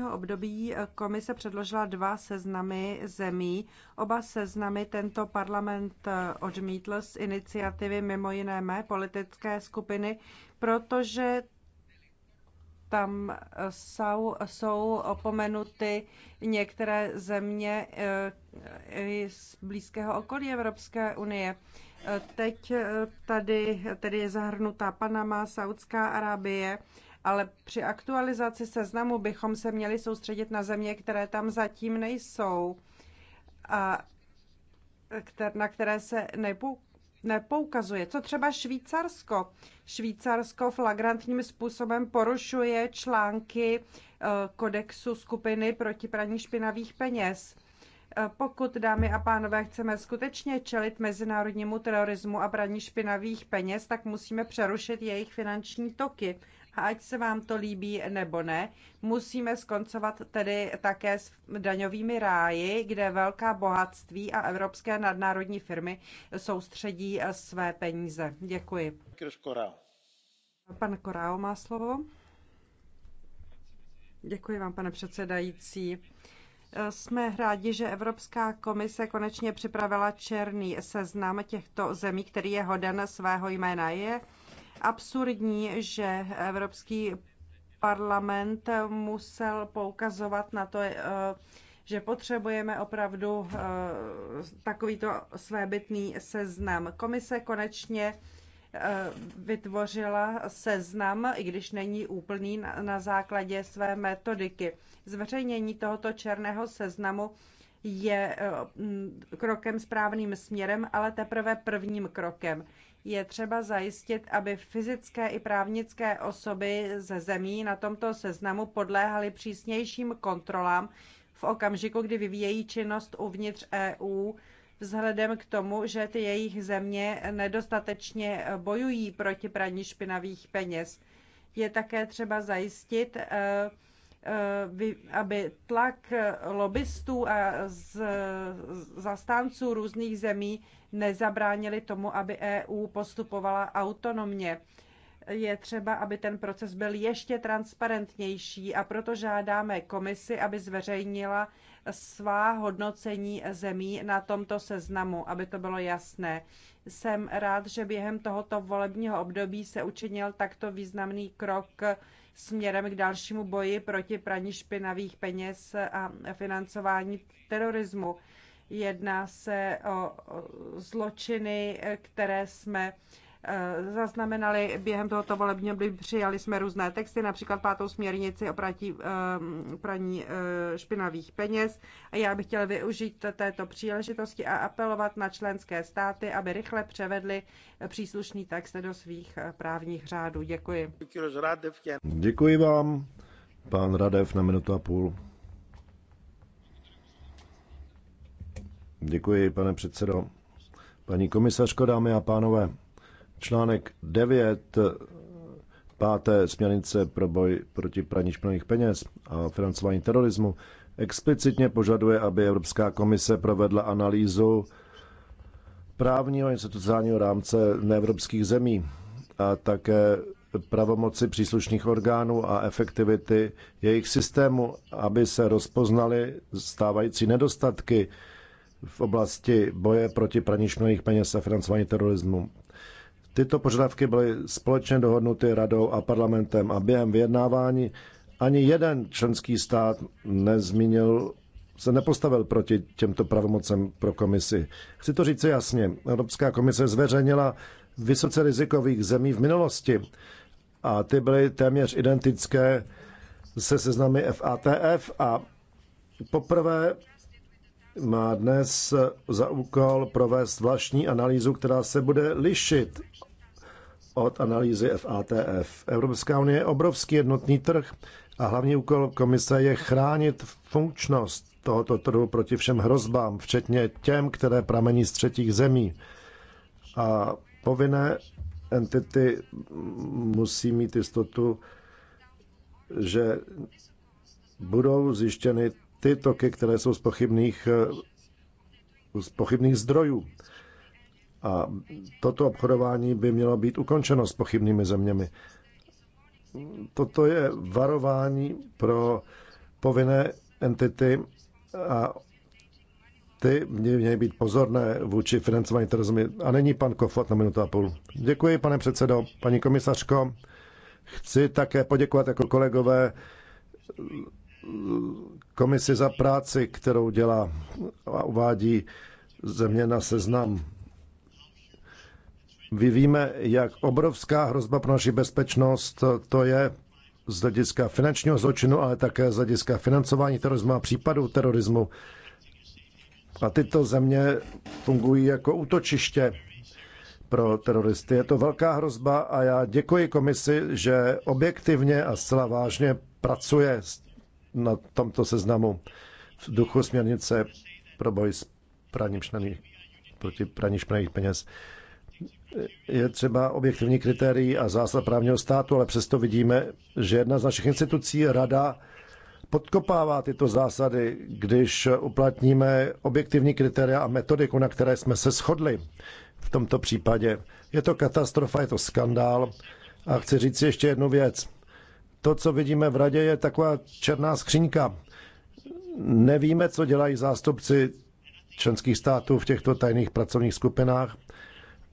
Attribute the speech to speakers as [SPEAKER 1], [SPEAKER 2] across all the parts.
[SPEAKER 1] období eh, komise předložila dva seznamy zemí. Oba seznamy tento parlament eh, odmítl z iniciativy mimo jiné mé politické skupiny, protože tam eh, jsou, jsou opomenuty některé země z blízkého okolí Evropské unie. Teď tady, tady je zahrnutá Panama, Saudská Arábie ale při aktualizaci seznamu bychom se měli soustředit na země, které tam zatím nejsou a na které se nepoukazuje. Co třeba Švýcarsko? Švýcarsko flagrantním způsobem porušuje články e, kodexu skupiny proti praní špinavých peněz. E, pokud, dámy a pánové, chceme skutečně čelit mezinárodnímu terorismu a praní špinavých peněz, tak musíme přerušit jejich finanční toky. A ať se vám to líbí nebo ne, musíme skoncovat tedy také s daňovými ráji, kde velká bohatství a evropské nadnárodní firmy soustředí eh, své peníze. Děkuji. Pan Korao má slovo. Děkuji vám, pane předsedající. Eh, jsme rádi, že Evropská komise konečně připravila černý seznam těchto zemí, který je hoden svého jména. Je absurdní, že Evropský parlament musel poukazovat na to, eh, že potřebujeme opravdu eh, takovýto svébytný seznam. Komise konečně eh, vytvořila seznam, i když není úplný, na základě své metodiky. Zveřejnění tohoto černého seznamu je eh, krokem správným směrem, ale teprve prvním krokem. Je třeba zajistit, aby fyzické i právnické osoby ze zemí na tomto seznamu podléhaly přísnějším kontrolám v okamžiku, kdy vyvíjejí činnost uvnitř EU, vzhledem k tomu, že ty jejich země nedostatečně eh, bojují proti praní špinavých peněz. Je také třeba zajistit, eh, Eh, aby tlak lobbystů a z, zastánců různých zemí nezabránili tomu, aby EU postupovala autonomně. Je třeba, aby ten proces byl ještě transparentnější a proto žádáme komisi, aby zveřejnila svá hodnocení zemí na tomto seznamu, aby to bylo jasné. Jsem rád, že během tohoto volebního období se učinil takto významný krok směrem k dalšímu boji proti praní špinavých peněz a financování terorismu. Jedná se o zločiny, které jsme Eh, zaznamenali během tohoto volebního období. Přijali jsme různé texty, například pátou směrnici o pratí, eh, praní eh, špinavých peněz. A já bych chtěla využít této příležitosti a apelovat na členské státy, aby rychle převedli příslušný text do svých právních řádů. Děkuji.
[SPEAKER 2] Děkuji vám. Pán Radev na minutu a půl. Děkuji, pane předsedo. Paní komisařko, dámy a pánové, Článek 9 páté směrnice pro boj proti praní špinavých peněz a financování terorismu explicitně požaduje, aby Evropská komise provedla analýzu právního a institucionálního rámce neevropských zemí a také pravomoci příslušných orgánů a efektivity jejich systému, aby se rozpoznaly stávající nedostatky v oblasti boje proti praní špinavých peněz a financování terorismu. Tyto požadavky byly společně dohodnuty radou a parlamentem a během vyjednávání ani jeden členský stát nezmínil, se nepostavil proti těmto pravomocem pro komisi. Chci to říct jasně. Evropská komise zveřejnila vysoce rizikových zemí v minulosti a ty byly téměř identické se seznamy FATF a poprvé má dnes za úkol provést vlastní analýzu, která se bude lišit od analýzy FATF. Evropská unie je obrovský jednotný trh a hlavní úkol komise je chránit funkčnost tohoto trhu proti všem hrozbám, včetně těm, které pramení z třetích zemí. A povinné entity musí mít jistotu, že budou zjištěny ty toky, které jsou z pochybných, z pochybných zdrojů. A toto obchodování by mělo být ukončeno s pochybnými zeměmi. Toto je varování pro povinné entity a ty mě měly být pozorné vůči financování terorismu. A není pan Kofot na minutu a půl. Děkuji, pane předsedo. Paní komisařko, chci také poděkovat jako kolegové komisi za práci, kterou dělá a uvádí země na seznam vy víme, jak obrovská hrozba pro naši bezpečnost to je z hlediska finančního zločinu, ale také z hlediska financování terorismu a případů terorismu. A tyto země fungují jako útočiště pro teroristy. Je to velká hrozba a já děkuji komisi, že objektivně a zcela vážně pracuje na tomto seznamu v duchu směrnice pro boj s praním špinavých, proti praní špinavých peněz je třeba objektivní kritérií a zásad právního státu, ale přesto vidíme, že jedna z našich institucí, rada, podkopává tyto zásady, když uplatníme objektivní kritéria a metodiku, na které jsme se shodli v tomto případě. Je to katastrofa, je to skandál. A chci říct ještě jednu věc. To, co vidíme v radě, je taková černá skřínka. Nevíme, co dělají zástupci členských států v těchto tajných pracovních skupinách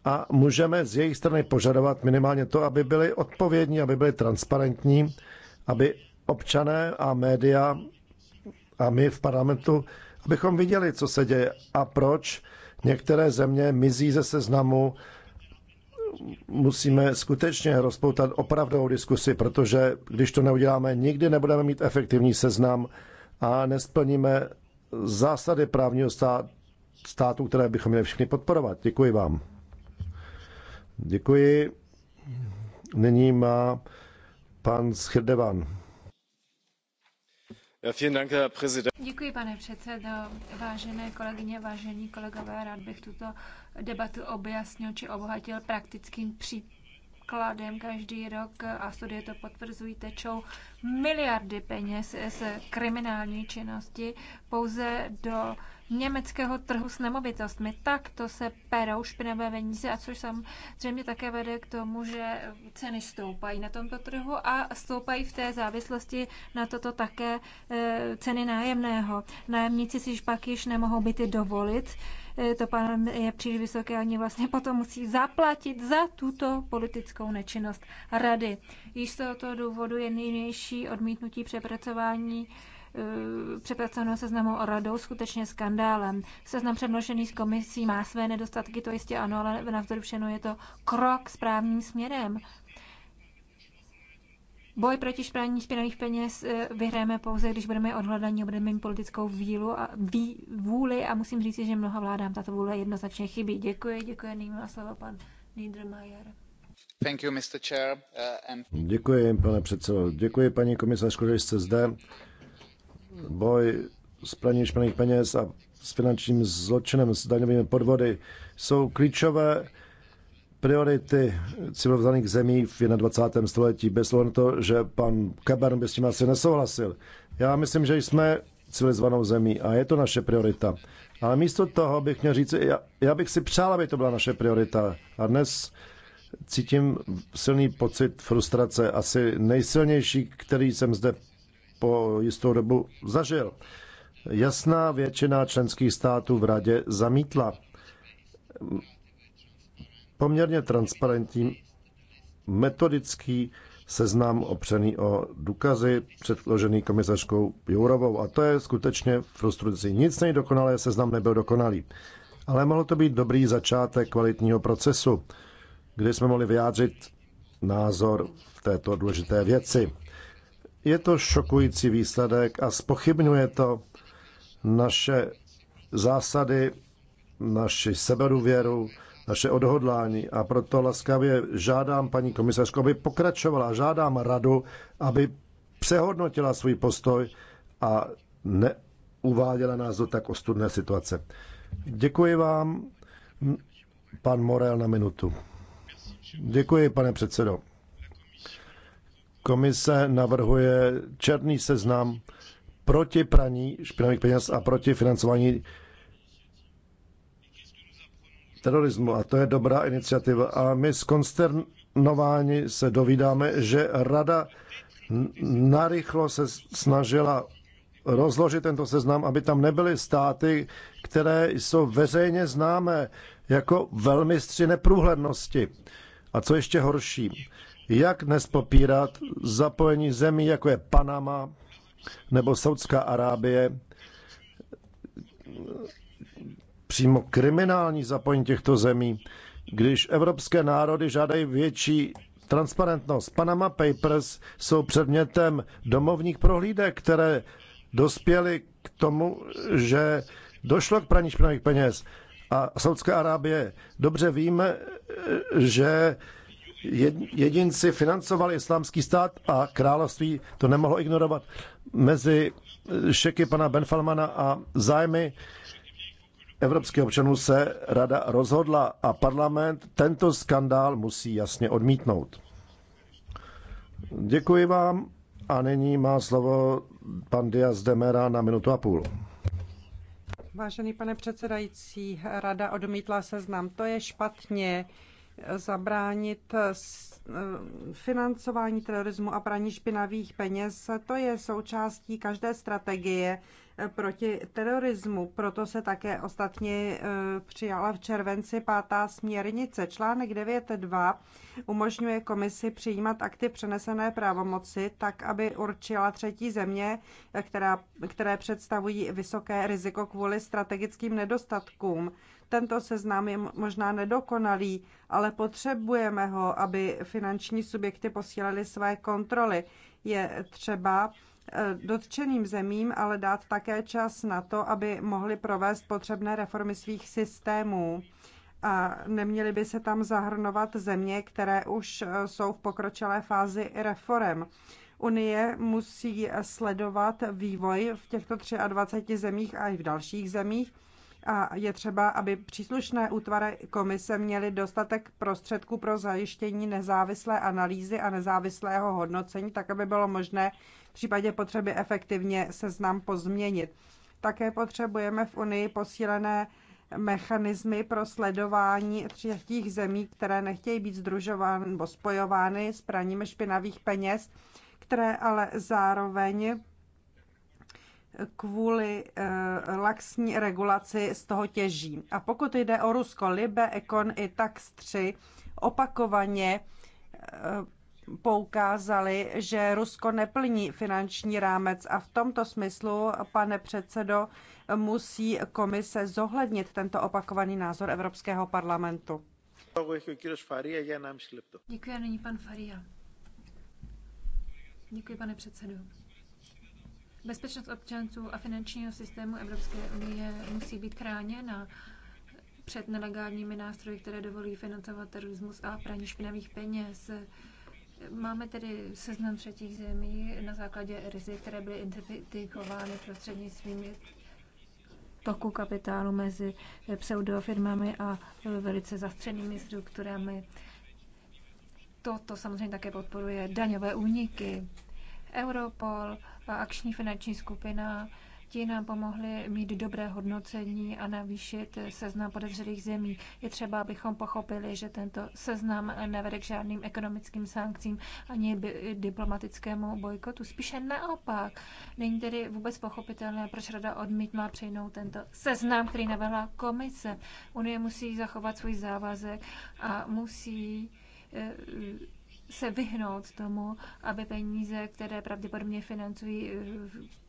[SPEAKER 2] a můžeme z jejich strany požadovat minimálně to, aby byli odpovědní, aby byli transparentní, aby občané a média a my v parlamentu, abychom viděli, co se děje a proč některé země mizí ze seznamu. Musíme skutečně rozpoutat opravdovou diskusi, protože když to neuděláme, nikdy nebudeme mít efektivní seznam a nesplníme zásady právního státu, které bychom měli všichni podporovat. Děkuji vám. Děkuji. Nyní má pan Schirdevan.
[SPEAKER 3] Děkuji, pane předsedo. Vážené kolegyně, vážení kolegové, rád bych tuto debatu objasnil či obohatil praktickým příkladem. Každý rok, a studie to potvrzují, tečou miliardy peněz z kriminální činnosti pouze do německého trhu s nemovitostmi. Takto se perou špinavé peníze, a což samozřejmě také vede k tomu, že ceny stoupají na tomto trhu a stoupají v té závislosti na toto také e, ceny nájemného. Nájemníci si pak již nemohou byty dovolit, e, to pan je příliš vysoké, oni vlastně potom musí zaplatit za tuto politickou nečinnost rady. Již z tohoto důvodu je největší odmítnutí přepracování Eh, přepracovaného seznamu radou skutečně skandálem. Seznam předložený z komisí má své nedostatky, to jistě ano, ale navzdory všemu je to krok správným směrem. Boj proti špraní špinavých peněz eh, vyhráme pouze, když budeme odhledaní, budeme mít politickou vílu a ví, vůli a musím říct, že mnoha vládám tato vůle jednoznačně chybí. Děkuji, děkuji, nyní má slovo pan Niedermayer. Thank you, Mr. Chair, uh,
[SPEAKER 2] and... Děkuji, pane předsedo. Děkuji, paní komisařko, že jste zde boj s praním špinavých peněz a s finančním zločinem, s daňovými podvody jsou klíčové priority civilizovaných zemí v 21. století, bez toho, to, že pan Kabern by s tím asi nesouhlasil. Já myslím, že jsme civilizovanou zemí a je to naše priorita. Ale místo toho bych měl říct, já, já bych si přál, aby to byla naše priorita. A dnes cítím silný pocit frustrace, asi nejsilnější, který jsem zde po jistou dobu zažil. Jasná většina členských států v radě zamítla poměrně transparentní metodický seznam opřený o důkazy předložený komisařkou Jourovou. A to je skutečně frustrující. Nic nejdokonalé seznam nebyl dokonalý. Ale mohl to být dobrý začátek kvalitního procesu, kdy jsme mohli vyjádřit názor v této důležité věci. Je to šokující výsledek a spochybňuje to naše zásady, naši sebedůvěru, naše odhodlání. A proto laskavě žádám paní komisařku, aby pokračovala. Žádám radu, aby přehodnotila svůj postoj a neuváděla nás do tak ostudné situace. Děkuji vám, pan Morel, na minutu. Děkuji, pane předsedo. Komise navrhuje černý seznam proti praní špinavých peněz a proti financování terorismu. A to je dobrá iniciativa. A my z konsternování se dovídáme, že Rada narychlo se snažila rozložit tento seznam, aby tam nebyly státy, které jsou veřejně známé jako velmistři neprůhlednosti. A co ještě horší, jak dnes popírat zapojení zemí, jako je Panama nebo Saudská Arábie, přímo kriminální zapojení těchto zemí, když evropské národy žádají větší transparentnost. Panama Papers jsou předmětem domovních prohlídek, které dospěly k tomu, že došlo k praní špinavých peněz. A Saudská Arábie dobře víme, že jedinci financovali islámský stát a království to nemohlo ignorovat. Mezi šeky pana Benfalmana a zájmy evropských občanů se rada rozhodla a parlament tento skandál musí jasně odmítnout. Děkuji vám a nyní má slovo pan Diaz Demera na minutu a půl.
[SPEAKER 1] Vážený pane předsedající, rada odmítla seznam. To je špatně zabránit eh, eh, financování terorismu a praní špinavých peněz. To je součástí každé strategie eh, proti terorismu. Proto se také ostatně přijala v červenci pátá směrnice. Článek 9.2 umožňuje komisi přijímat akty přenesené právomoci tak, aby určila třetí země, která, které představují vysoké riziko kvůli strategickým nedostatkům. Tento seznam je možná nedokonalý, ale potřebujeme ho, aby finanční subjekty posílaly své kontroly. Je třeba eh, dotčeným zemím ale dát také čas na to, aby mohli provést potřebné reformy svých systémů a neměly by se tam zahrnovat země, které už eh, jsou v pokročilé fázi reform. Unie musí sledovat vývoj v těchto 23 zemích a i v dalších zemích a je třeba, aby příslušné útvary komise měly dostatek prostředků pro zajištění nezávislé analýzy a nezávislého hodnocení, tak aby bylo možné v případě potřeby efektivně seznam pozměnit. Také potřebujeme v Unii posílené mechanismy pro sledování třetích zemí, které nechtějí být združovány nebo spojovány s praním špinavých peněz, které ale zároveň kvůli eh, laxní regulaci z toho těží. A pokud jde o Rusko, Libe, Ekon i Tax 3 opakovaně eh, poukázali, že Rusko neplní finanční rámec a v tomto smyslu, pane předsedo, musí komise zohlednit tento opakovaný názor Evropského parlamentu.
[SPEAKER 3] Děkuji a nyní pan Faria. Děkuji, pane předsedo. Bezpečnost občanců a finančního systému Evropské unie musí být chráněna před nelegálními nástroji, které dovolují financovat terorismus a praní špinavých peněz. Máme tedy seznam třetích zemí na základě rizik, které byly identifikovány prostřednictvím toku kapitálu mezi pseudofirmami a velice zastřenými strukturami. Toto samozřejmě také podporuje daňové úniky. Europol, akční finanční skupina, ti nám pomohli mít dobré hodnocení a navýšit seznam podezřelých zemí. Je třeba, abychom pochopili, že tento seznam nevede k žádným ekonomickým sankcím ani diplomatickému bojkotu. Spíše naopak. Není tedy vůbec pochopitelné, proč Rada odmítla přijmout tento seznam, který navrhla komise. Unie musí zachovat svůj závazek a musí eh, se vyhnout tomu, aby peníze, které pravděpodobně financují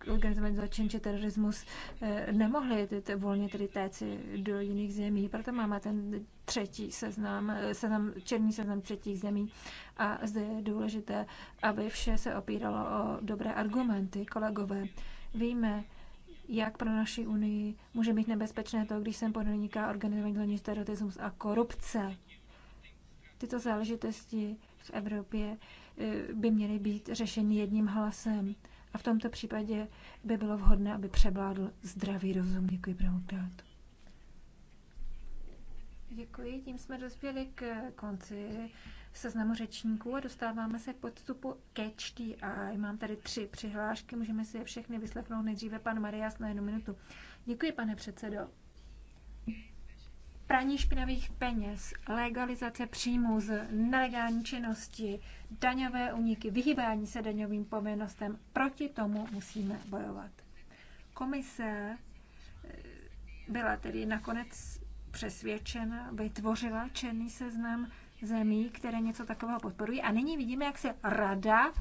[SPEAKER 3] eh, organizovaný zločin či terorismus, eh, nemohly volně tedy téci do jiných zemí. Proto máme ten třetí seznam, eh, seznam černý seznam třetích zemí. A zde je důležité, aby vše se opíralo o dobré argumenty, kolegové. Víme, jak pro naši unii může být nebezpečné to, když sem podniká organizovaný zločin, terorismus a korupce. Tyto záležitosti v Evropě eh, by měly být řešeny jedním hlasem. A v tomto případě by bylo vhodné, aby převládl zdravý rozum. Děkuji mnohokrát. Děkuji, tím jsme dospěli k konci seznamu řečníků a dostáváme se k podstupu ke čtí. A mám tady tři přihlášky, můžeme si je všechny vyslechnout nejdříve pan Marias na jednu minutu. Děkuji, pane předsedo praní špinavých peněz, legalizace příjmů z nelegální činnosti, daňové uniky, vyhýbání se daňovým povinnostem, proti tomu musíme bojovat. Komise eh, byla tedy nakonec přesvědčena, vytvořila černý seznam zemí, které něco takového podporují. A nyní vidíme, jak se rada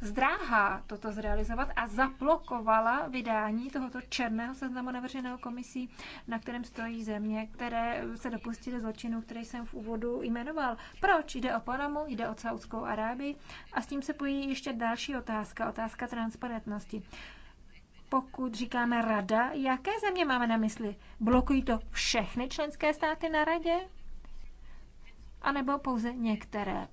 [SPEAKER 3] zdráhá toto zrealizovat a zablokovala vydání tohoto černého seznamu navrženého komisí, na kterém stojí země, které se dopustily zločinu, který jsem v úvodu jmenoval. Proč? Jde o Panamu, jde o Saudskou Arábii a s tím se pojí ještě další otázka, otázka transparentnosti pokud říkáme rada, jaké země máme na mysli? Blokují to všechny členské státy na radě? A nebo pouze některé?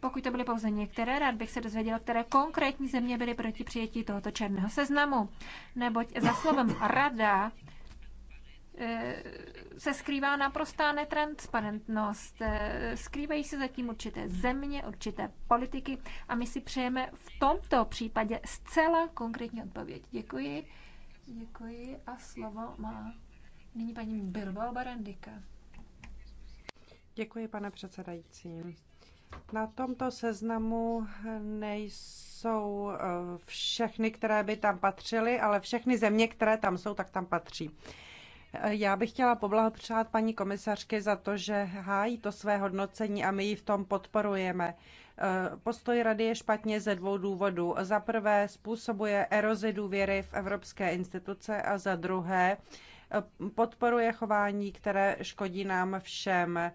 [SPEAKER 3] Pokud to byly pouze některé, rád bych se dozvěděl, které konkrétní země byly proti přijetí tohoto černého seznamu. Neboť za slovem rada eh, se skrývá naprostá netransparentnost. Eh, skrývají se zatím určité země, určité politiky a my si přejeme v tomto případě zcela konkrétní odpověď. Děkuji. Děkuji a slovo má nyní paní Bilbao Barandika.
[SPEAKER 1] Děkuji, pane předsedající. Na tomto seznamu nejsou eh, všechny, které by tam patřily, ale všechny země, které tam jsou, tak tam patří. Eh, já bych chtěla poblahopřát paní komisařky za to, že hájí to své hodnocení a my ji v tom podporujeme. Eh, postoj rady je špatně ze dvou důvodů. Za prvé způsobuje erozi důvěry v evropské instituce a za druhé podporuje chování, které škodí nám všem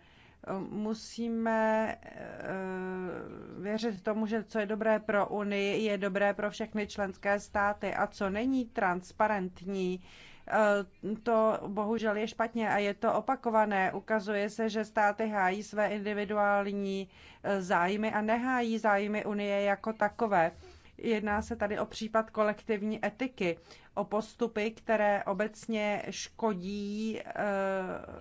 [SPEAKER 1] musíme eh, věřit tomu, že co je dobré pro Unii, je dobré pro všechny členské státy a co není transparentní, eh, to bohužel je špatně a je to opakované. Ukazuje se, že státy hájí své individuální eh, zájmy a nehájí zájmy Unie jako takové. Jedná se tady o případ kolektivní etiky, o postupy, které obecně škodí eh,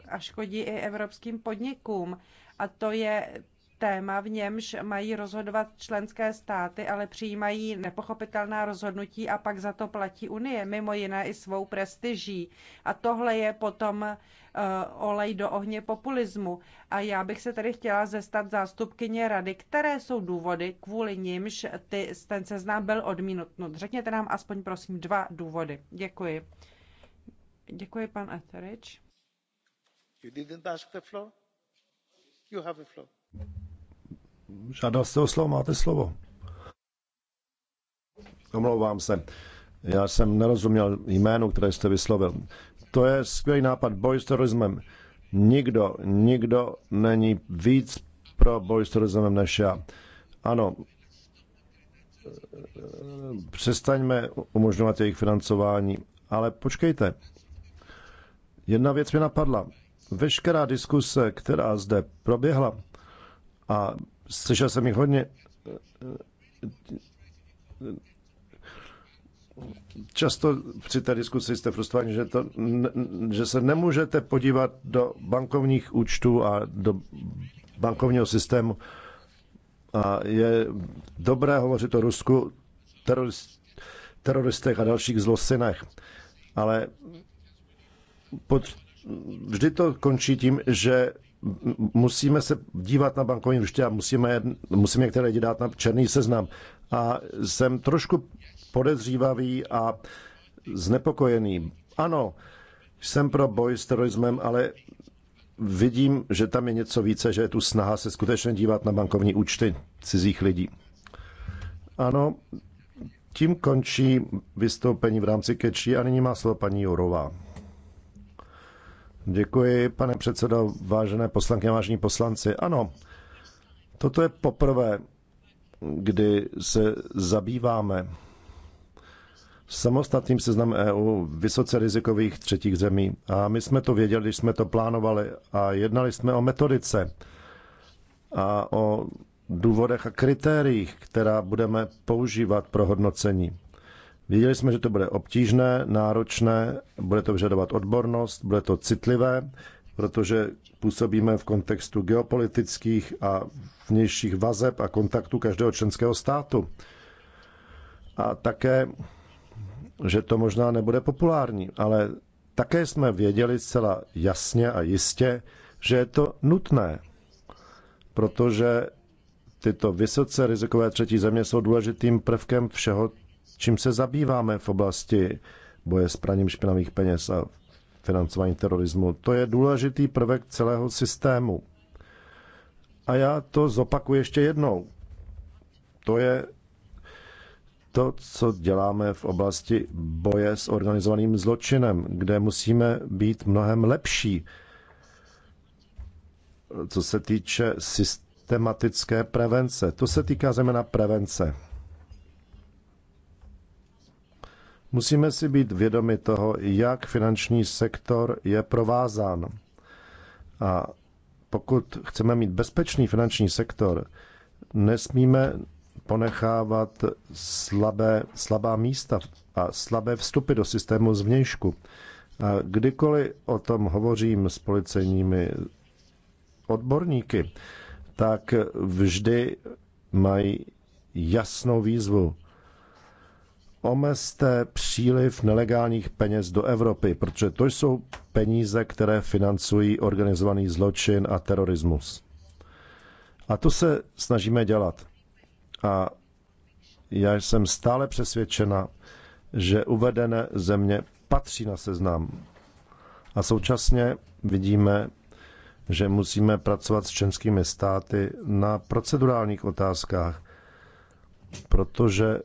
[SPEAKER 1] a škodí i evropským podnikům. A to je téma, v němž mají rozhodovat členské státy, ale přijímají nepochopitelná rozhodnutí a pak za to platí Unie, mimo jiné i svou prestiží. A tohle je potom uh, olej do ohně populismu. A já bych se tady chtěla zestat zástupkyně rady, které jsou důvody, kvůli nimž ty, ten seznám byl odmítnut. Řekněte nám aspoň prosím dva důvody. Děkuji. Děkuji, pan Eterič.
[SPEAKER 2] You didn't ask the floor? You have a floor. Žádal jste o slovo, máte slovo. Omlouvám se. Já jsem nerozuměl jménu, které jste vyslovil. To je skvělý nápad. Boj s terorismem. Nikdo, nikdo není víc pro boj s terorismem než já. Ano, přestaňme umožňovat jejich financování. Ale počkejte, jedna věc mi napadla. Veškerá diskuse, která zde proběhla a slyšel jsem jich hodně. Často při té diskusi jste frustrovaní, že, to, že se nemůžete podívat do bankovních účtů a do bankovního systému. A je dobré hovořit o Rusku, teroristech a dalších zlosinech. Ale pod, vždy to končí tím, že musíme se dívat na bankovní účty a musíme, musíme některé lidi dát na černý seznam. A jsem trošku podezřívavý a znepokojený. Ano, jsem pro boj s terorismem, ale vidím, že tam je něco více, že je tu snaha se skutečně dívat na bankovní účty cizích lidí. Ano, tím končí vystoupení v rámci keči a nyní má slovo paní Jurová. Děkuji, pane předsedo, vážené poslankyně, vážení poslanci. Ano, toto je poprvé, kdy se zabýváme samostatným seznam EU vysoce rizikových třetích zemí. A my jsme to věděli, když jsme to plánovali a jednali jsme o metodice a o důvodech a kritériích, která budeme používat pro hodnocení. Věděli jsme, že to bude obtížné, náročné, bude to vyžadovat odbornost, bude to citlivé, protože působíme v kontextu geopolitických a vnějších vazeb a kontaktů každého členského státu. A také, že to možná nebude populární, ale také jsme věděli zcela jasně a jistě, že je to nutné, protože tyto vysoce rizikové třetí země jsou důležitým prvkem všeho, čím se zabýváme v oblasti boje s praním špinavých peněz a financování terorismu. To je důležitý prvek celého systému. A já to zopakuji ještě jednou. To je to, co děláme v oblasti boje s organizovaným zločinem, kde musíme být mnohem lepší, co se týče systematické prevence. To se týká zejména prevence. Musíme si být vědomi toho, jak finanční sektor je provázán. A pokud chceme mít bezpečný finanční sektor, nesmíme ponechávat slabé, slabá místa a slabé vstupy do systému zvnějšku. A kdykoliv o tom hovořím s policejními odborníky, tak vždy mají jasnou výzvu omezte příliv nelegálních peněz do Evropy, protože to jsou peníze, které financují organizovaný zločin a terorismus. A to se snažíme dělat. A já jsem stále přesvědčena, že uvedené země patří na seznam. A současně vidíme, že musíme pracovat s členskými státy na procedurálních otázkách, protože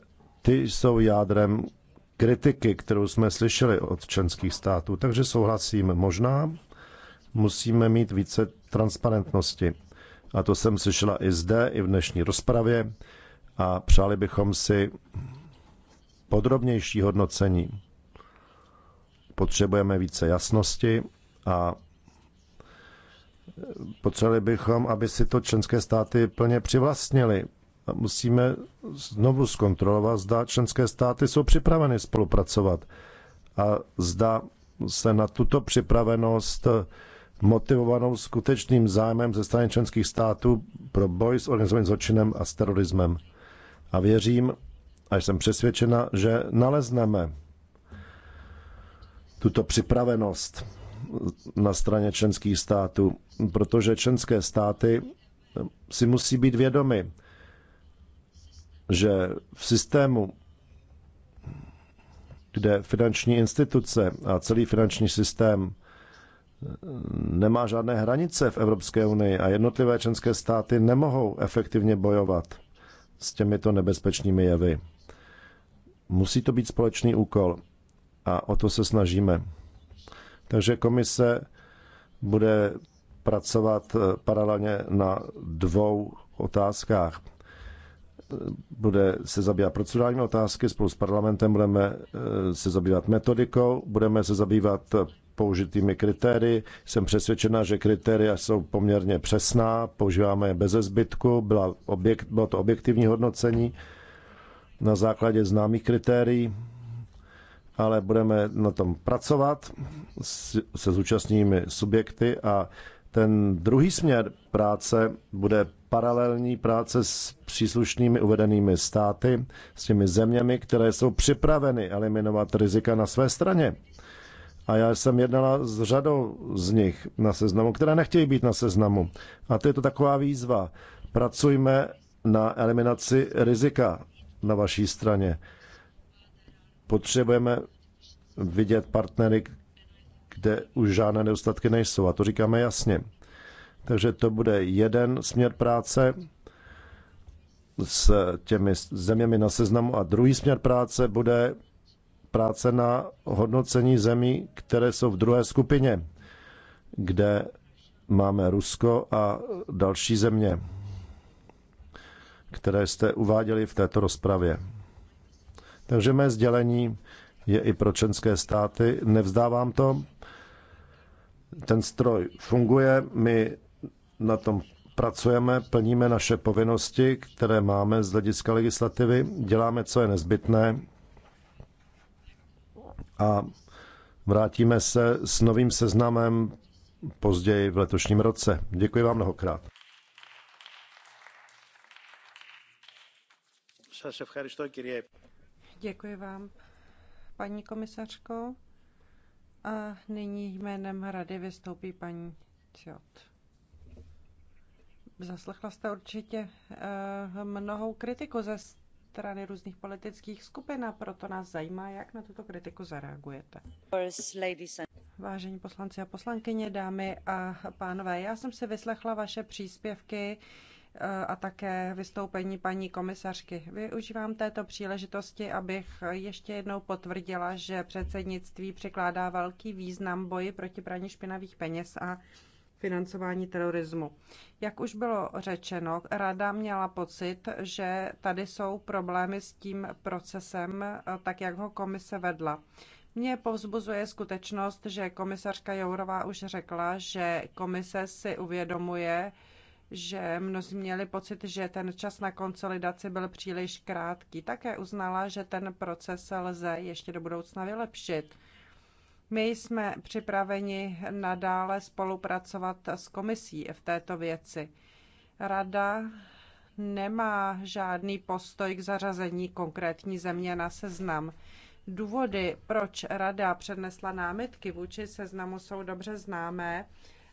[SPEAKER 2] ty jsou jádrem kritiky, kterou jsme slyšeli od členských států. Takže souhlasím, možná musíme mít více transparentnosti. A to jsem slyšela i zde, i v dnešní rozpravě. A přáli bychom si podrobnější hodnocení. Potřebujeme více jasnosti a potřebovali bychom, aby si to členské státy plně přivlastnili, musíme znovu zkontrolovat, zda členské státy jsou připraveny spolupracovat a zda se na tuto připravenost motivovanou skutečným zájmem ze strany členských států pro boj s organizovaným zločinem a s terorismem. A věřím, a jsem přesvědčena, že nalezneme tuto připravenost na straně členských států, protože členské státy si musí být vědomy, že v systému, kde finanční instituce a celý finanční systém eh, nemá žádné hranice v Evropské unii a jednotlivé členské státy nemohou efektivně bojovat s těmito nebezpečnými jevy. Musí to být společný úkol a o to se snažíme. Takže komise bude pracovat eh, paralelně na dvou otázkách bude se zabývat procedurální otázky, spolu s parlamentem budeme eh, se zabývat metodikou, budeme se zabývat použitými kritérii. Jsem přesvědčena, že kritéria jsou poměrně přesná, používáme je bez zbytku, byla objekt, bylo to objektivní hodnocení na základě známých kritérií, ale budeme na tom pracovat se zúčastními subjekty a ten druhý směr práce bude paralelní práce s příslušnými uvedenými státy, s těmi zeměmi, které jsou připraveny eliminovat rizika na své straně. A já jsem jednala s řadou z nich na seznamu, které nechtějí být na seznamu. A to je to taková výzva. Pracujme na eliminaci rizika na vaší straně. Potřebujeme vidět partnery, kde už žádné nedostatky nejsou. A to říkáme jasně. Takže to bude jeden směr práce s těmi zeměmi na seznamu a druhý směr práce bude práce na hodnocení zemí, které jsou v druhé skupině, kde máme Rusko a další země, které jste uváděli v této rozpravě. Takže mé sdělení je i pro členské státy. Nevzdávám to, ten stroj funguje, my na tom pracujeme, plníme naše povinnosti, které máme z hlediska legislativy, děláme, co je nezbytné a vrátíme se s novým seznamem později v letošním roce. Děkuji vám mnohokrát.
[SPEAKER 1] Děkuji vám, paní komisařko. A nyní jménem rady vystoupí paní Ciot. Zaslechla jste určitě eh, mnohou kritiku ze strany různých politických skupin a proto nás zajímá, jak na tuto kritiku zareagujete. Vážení poslanci a poslankyně, dámy a pánové, já jsem si vyslechla vaše příspěvky a také vystoupení paní komisařky. Využívám této příležitosti, abych ještě jednou potvrdila, že předsednictví překládá velký význam boji proti praní špinavých peněz a financování terorismu. Jak už bylo řečeno, rada měla pocit, že tady jsou problémy s tím procesem, eh, tak jak ho komise vedla. Mě povzbuzuje skutečnost, že komisařka Jourová už řekla, že komise si uvědomuje, že mnozí měli pocit, že ten čas na konsolidaci byl příliš krátký. Také uznala, že ten proces lze ještě do budoucna vylepšit. My jsme připraveni nadále spolupracovat s komisí v této věci. Rada nemá žádný postoj k zařazení konkrétní země na seznam. Důvody, proč Rada přednesla námitky vůči seznamu, jsou dobře známé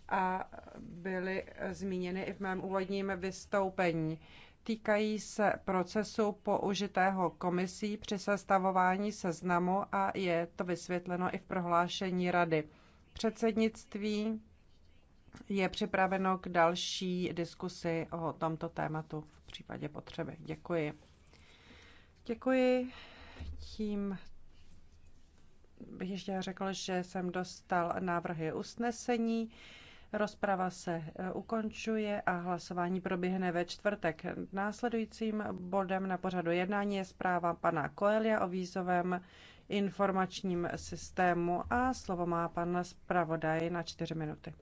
[SPEAKER 1] a byly zmíněny i v mém úvodním vystoupení. Týkají se procesu použitého komisí při sestavování seznamu a je to vysvětleno i v prohlášení rady. Předsednictví je připraveno k další diskusi o tomto tématu v případě potřeby. Děkuji. Děkuji. Tím bych ještě řekl, že jsem dostal návrhy usnesení. Rozprava se eh, ukončuje a hlasování proběhne ve čtvrtek. Následujícím bodem na pořadu jednání je zpráva pana Koelia o vízovém informačním systému a slovo má pan zpravodaj na čtyři minuty.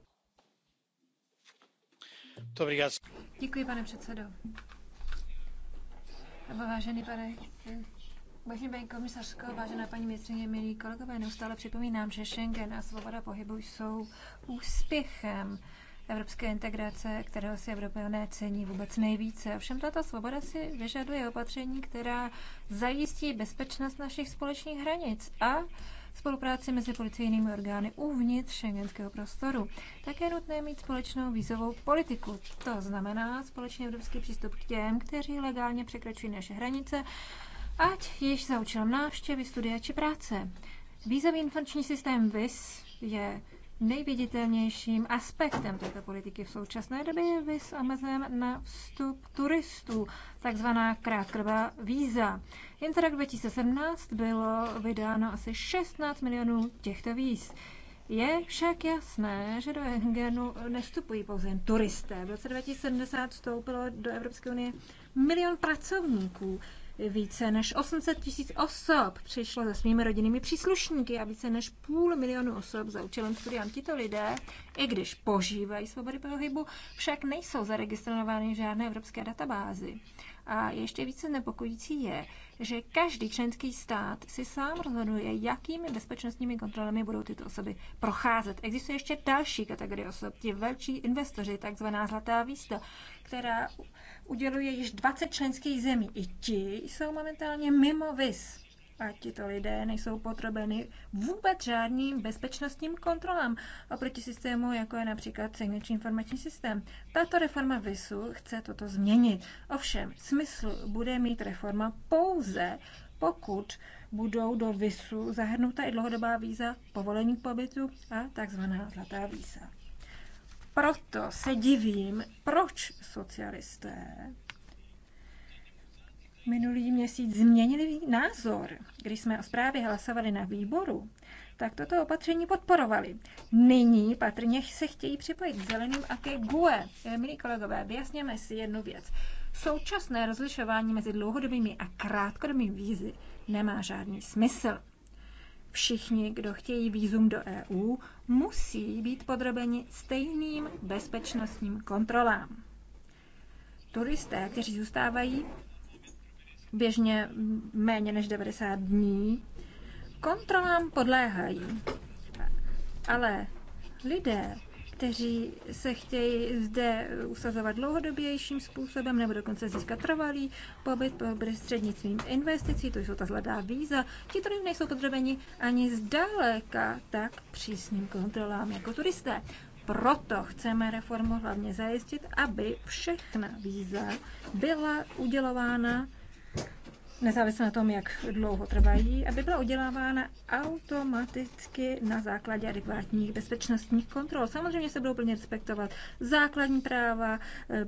[SPEAKER 2] Dobrý
[SPEAKER 3] Děkuji, pane předsedo. Vážený pane Vážená paní komisařko, vážená paní ministrině, milí kolegové, neustále připomínám, že Schengen a svoboda pohybu jsou úspěchem evropské integrace, kterého si Evropané cení vůbec nejvíce. Ovšem tato svoboda si vyžaduje opatření, která zajistí bezpečnost našich společných hranic a spolupráci mezi policejními orgány uvnitř šengenského prostoru. Také je nutné mít společnou vízovou politiku. To znamená společný evropský přístup k těm, kteří legálně překračují naše hranice ať již za účelem návštěvy, studia či práce. Vízový informační systém VIS je nejviditelnějším aspektem této politiky v současné době je VIS omezen na vstup turistů, takzvaná krátkodobá víza. Jen teda 2017 bylo vydáno asi 16 milionů těchto víz. Je však jasné, že do Engenu nestupují pouze jen turisté. V roce 2070 vstoupilo do Evropské unie milion pracovníků. Více než 800 tisíc osob přišlo se svými rodinnými příslušníky a více než půl milionu osob za účelem studiám Tito lidé, i když požívají svobody pohybu, však nejsou zaregistrovány v žádné evropské databázi. A ještě více nepokojící je, že každý členský stát si sám rozhoduje, jakými bezpečnostními kontrolami budou tyto osoby procházet. Existuje ještě další kategorie osob, ti velčí investoři, takzvaná zlatá výsta která uděluje již 20 členských zemí. I ti jsou momentálně mimo VIS. A tito lidé nejsou potrobeny vůbec žádným bezpečnostním kontrolám oproti systému, jako je například signační informační systém. Tato reforma VISu chce toto změnit. Ovšem, smysl bude mít reforma pouze, pokud budou do VISu zahrnuta i dlouhodobá víza, povolení k pobytu a takzvaná zlatá víza proto se divím, proč socialisté minulý měsíc změnili názor, když jsme o zprávě hlasovali na výboru, tak toto opatření podporovali. Nyní patrně se chtějí připojit k zeleným a ke GUE. Milí kolegové, vyjasněme si jednu věc. Současné rozlišování mezi dlouhodobými a krátkodobými vízy nemá žádný smysl. Všichni, kdo chtějí výzum do EU, musí být podrobeni stejným bezpečnostním kontrolám. Turisté, kteří zůstávají běžně méně než 90 dní, kontrolám podléhají. Ale lidé, kteří se chtějí zde usazovat dlouhodobějším způsobem nebo dokonce získat trvalý pobyt prostřednictvím investicí, to jsou ta zlatá víza. Ti to nejsou podrobeni ani zdaleka tak přísným kontrolám jako turisté. Proto chceme reformu hlavně zajistit, aby všechna víza byla udělována nezávisle na tom, jak dlouho trvají, aby byla udělávána automaticky na základě adekvátních bezpečnostních kontrol. Samozřejmě se budou plně respektovat základní práva, eh,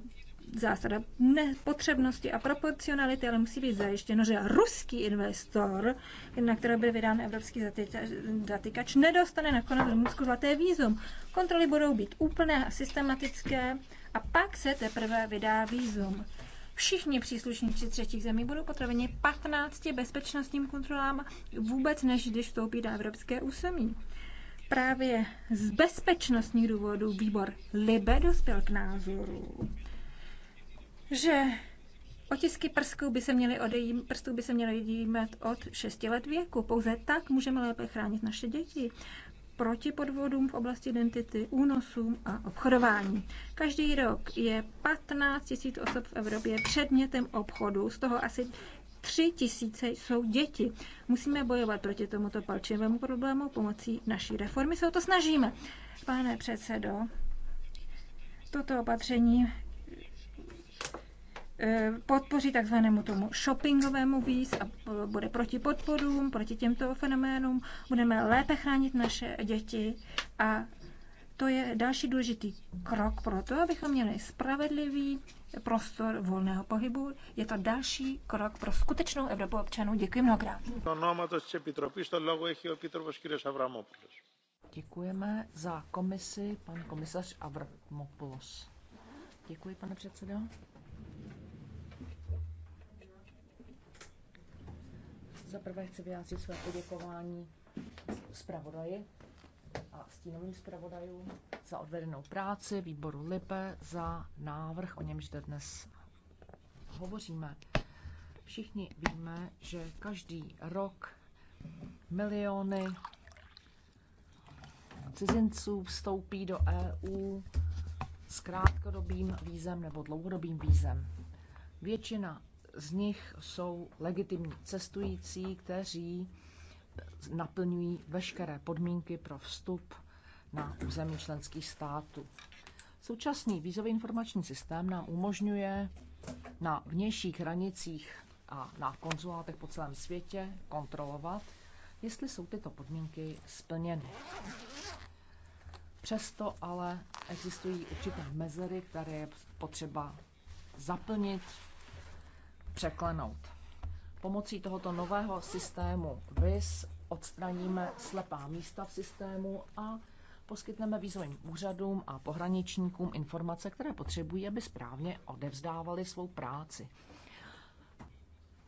[SPEAKER 3] zásada nepotřebnosti a proporcionality, ale musí být zajištěno, že ruský investor, na které byl vydán evropský zatykač, nedostane nakonec Rumunsku zlaté vízum. Kontroly budou být úplné a systematické a pak se teprve vydá vízum všichni příslušníci třetích zemí budou potraveni 15 bezpečnostním kontrolám vůbec než když vstoupí do evropské území. Právě z bezpečnostních důvodů výbor Libe dospěl k názoru, že Otisky prsků by se měly odejím, prstů by se měly odjímat od 6 let věku. Pouze tak můžeme lépe chránit naše děti proti podvodům v oblasti identity, únosům a obchodování. Každý rok je 15 000 osob v Evropě předmětem obchodu, z toho asi 3 tisíce jsou děti. Musíme bojovat proti tomuto palčivému problému pomocí naší reformy. Se o to snažíme. Pane předsedo, toto opatření Eh, podpoří takzvanému tomu shoppingovému víz a eh, bude proti podporům, proti těmto fenoménům. Budeme lépe chránit naše děti a to je další důležitý krok pro to, abychom měli spravedlivý prostor volného pohybu. Je to další
[SPEAKER 4] krok pro skutečnou Evropu občanů. Děkuji mnohokrát. Děkujeme za komisi, pan komisař Avramopoulos. Děkuji, pane předsedo. Za prvé chci vyjádřit své poděkování zpravodaji a stínovým zpravodajům za odvedenou práci, výboru LIPE za návrh, o němž zde dnes hovoříme. Všichni víme, že každý rok miliony cizinců vstoupí do EU s krátkodobým vízem nebo dlouhodobým vízem. Většina z nich jsou legitimní cestující, kteří naplňují veškeré podmínky pro vstup na území členských států. Současný vízový informační systém nám umožňuje na vnějších hranicích a na konzulátech po celém světě kontrolovat, jestli jsou tyto podmínky splněny. Přesto ale existují určité mezery, které je potřeba zaplnit překlenout. Pomocí tohoto nového systému VIS odstraníme slepá místa v systému a poskytneme výzovým úřadům a pohraničníkům informace, které potřebují, aby správně odevzdávali svou práci.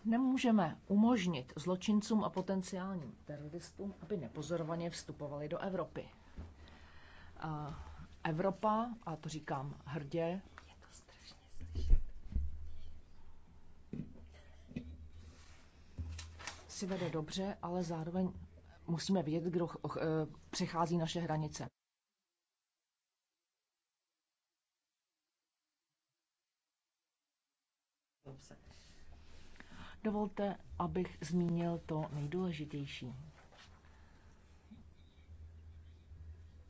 [SPEAKER 4] Nemůžeme umožnit zločincům a potenciálním teroristům, aby nepozorovaně vstupovali do Evropy. Evropa, a to říkám hrdě, si vede dobře, ale zároveň musíme vědět, kdo eh, přechází naše hranice. Dovolte, abych zmínil to nejdůležitější.